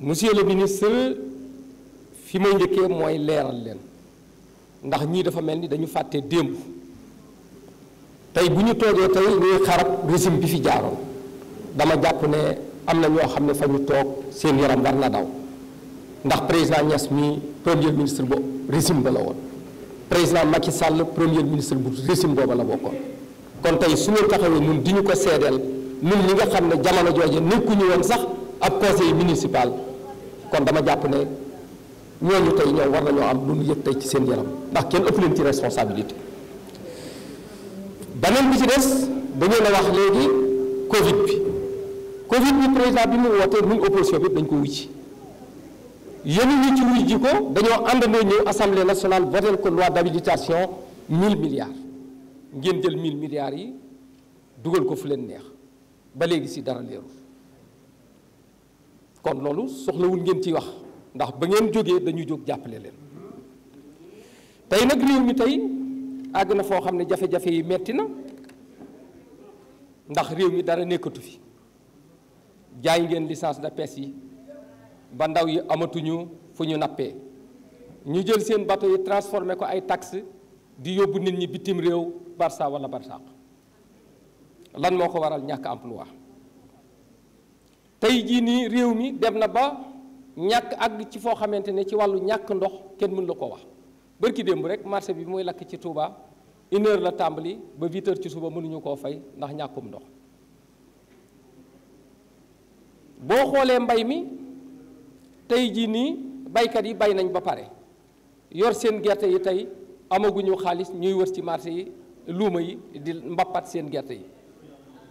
monsieur le ministre fi may njëkkee mooy leeral leen ndax ñii dafa mel ni dañu fàtte démb tey bu ñu toogee tey ñuy xarab régime bi fi jaaroon dama jàpp ne am na ñoo xam ne fa ñu toog seen yaram war na daw ndax président Niass mi premier ministre bo régime ba la woon président Macky Sall premier ministre bu régime booba la bokkoon kon tey su ñu taxawee ñun di ñu ko seedeel ñun ñi nga xam ne jamono jooju nekkuñu woon sax ak ab yi municipal kon dama jàpp ne ñooñu tey ñoom war nañoo am lu ñu yëpp tey ci seen yaram ndax kenn ëpp leen ci responsabilité beneen bi ci des dañu la wax léegi Covid bi Covid bi président bi mu wootee nuñ opposition bi dañ ko wucci yéen ñu ci wuy ji ko dañoo àndandoo ñëw assemblée nationale voté ko loi d'habilitation 1000 milliards. ngeen jël 1000 milliards yi dugal ko fu leen neex ba léegi si dara leerul kon loolu soxlawul ngeen ci wax ndax ba ngeen jóge dañu jóg jàppale leen tey nag réew mi tey àgg na foo xam ne jafe-jafe yi metti na ndax réew mi dara nekkatu fi jaay ngeen licence de pêche yi ba ndaw yi amatuñu fu ñu nappee ñu jël seen bateau yi transformé ko ay tax di yóbbu nit ñi bitim réew barça wala barsaq lan moo ko waral ñàkk emploi tey jii nii réew mi dem na ba ñàkk àgg ci foo xamante ne ci wàllu ñàkk ndox kenn mën la ko wax bërki démb rek marché bi muy lakk ci tuuba une la tàmbali ba huit ci suba mënuñu koo fay ndax ñàkkum ndox boo xoolee mbay mi tey jii nii baykat yi bay nañ ba pare yor seen gerte yi tey amaguñu xaalis ñuy wër ci marché yi luuma yi di mbappat seen gerte yi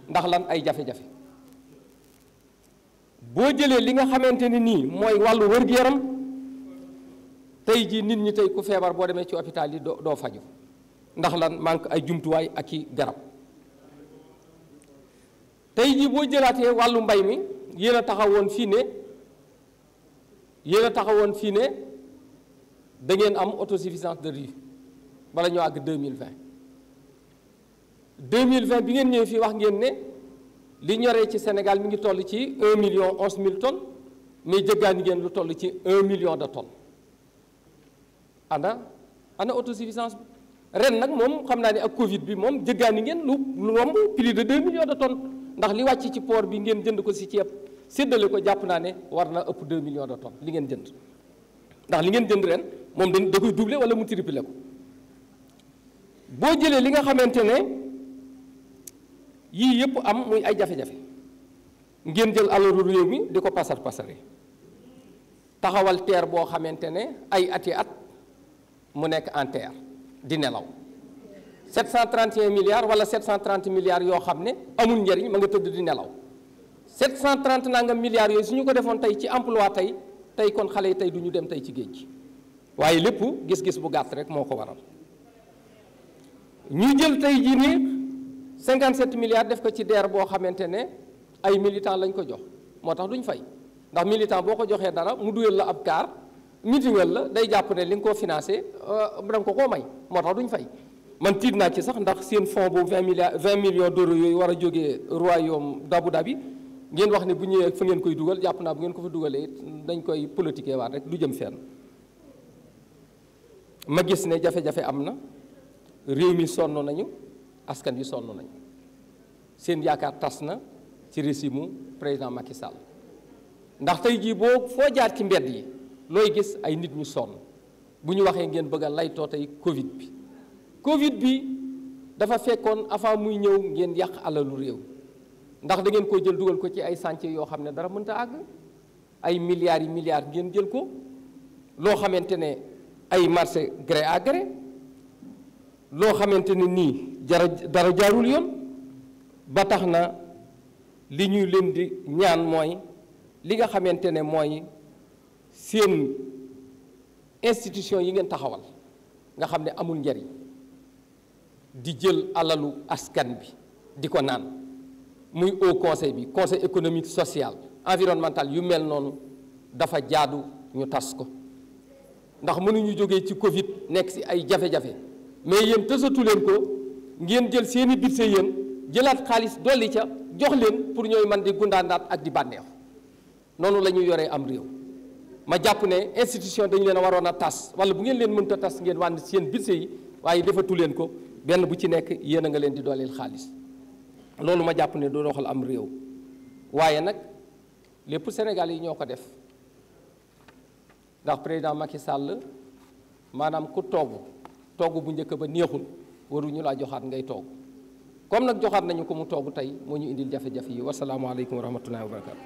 ndax lan ay jafe-jafe boo jëlee li nga xamante ni nii mooy wàllu wër-gu-yaram tey jii nit ñi tey ku feebar boo demee ci hôpital yi doo doo faju ndax lan manque ay jumtuwaay ak i garab tey jii boo jëlaatee wàllu mbay mi yéen a taxawoon fii ne yéen a taxawoon fii ne da ngeen am autosuffisance de riz bala ñoo àgg mille 2020 bi ngeen ñëwee fii wax ngeen ne li ñoree ci Sénégal mi ngi toll ci 1 million 11 mille tonnes mais jëggaani ngeen lu toll ci 1 million de tonnes ana ana autosuffisance ren nag moom xam naa ni ak Covid bi moom jëggaani ngeen lu lu romb plus de 2 millions de tonnes ndax li wàcc ci port bi ngeen jënd ko si ceeb séddale ko jàpp naa ne war naa ëpp 2 millions de tonnes li ngeen jënd ndax li ngeen jënd ren moom dañ da koy wala mu tripler ko. boo jëlee li nga xamante ne yii yëpp am muy ay jafe-jafe ngeen jël alalu réew mi di ko pasar pasare taxawal TER boo xamante ne ay ati at mu nekk en TER di nelaw 731 milliards wala 730 milliards yoo xam ne amul njëriñ ma nga tëdd di nelaw 730 nangam milliards yooyu su ñu ko defoon tey ci emploi tey tey kon xale yi tey du ñu dem tey ci géej gi waaye lépp gis-gis bu gàtt rek moo ko waral. ñu jël tey jii nii 57 milliards def ko ci deer boo xamante ne ay militant lañ ko jox moo tax duñ fay ndax militant boo ko joxee dara mu dugal la ab kaar mitingal la day jàpp ne li nga ko financé euh, da nga ko koo may moo tax duñ fay man tiit naa ci sax ndax seen fonds boobu vingt milliards vingt millions d'euros yooyu war a jógee royaume d'Abu Dhabi ngeen wax ne bu ñëwee fa ngeen koy dugal jàpp naa bu ngeen ko fa dugalee dañ koy politiquer waat rek du jëm fenn ma gis ne jafe am na réew mi sonn nañu askan wi sonn nañu seen yaakaar tas na ci régime président Macky ndax tey jii boo foo jaar ci mbedd yi looy gis ay nit ñu sonn bu ñu waxee ngeen bëgg a laytoo tey Covid bi Covid bi dafa fekkoon avant muy ñëw ngeen yàq alalu réew ndax da ngeen ko jël dugal ko ci ay chantier yoo xam ne dara mënta àgg ay milliards yi milliards ngeen jël ko loo xamante ne ay marché gré à loo xamante ne nii jara dara jaarul yoon ba tax na li ñuy leen di ñaan mooy li nga xamante ne mooy seen institution yi ngeen taxawal nga xam ne amul njariñ di jël alalu askan bi di ko naan muy au conseil bi conseil économique social environnemental yu mel noonu dafa jaadu ñu tas ko ndax mënuñu jóge ci Covid nekk ci ay jafe-jafe mais yéen tësatu leen ko ngeen jël seen i yéen jëlaat xaalis dolli ca jox leen pour ñooy man di gundaandaat ak di bànneex noonu la ñuy yoree am réew ma jàpp ne institution dañu leen a waroon a tas wala bu ngeen leen mënta tas ngeen wànn seen budget yi waaye defatu leen ko benn bu ci nekk yéen a nga leen di dooleel xaalis loolu ma jàpp ne du doxal am réew waaye nag lépp Sénégal yi ñoo ko def ndax président Macky sàll maanaam ku togg togg bu njëkk ba neexul waruñu laa joxaat ngay toog comme nag joxaat nañu ko mu togg tey moo ñu indil jafe-jafe yi wasalaamualeykum wa rahmatullahi wa barakatu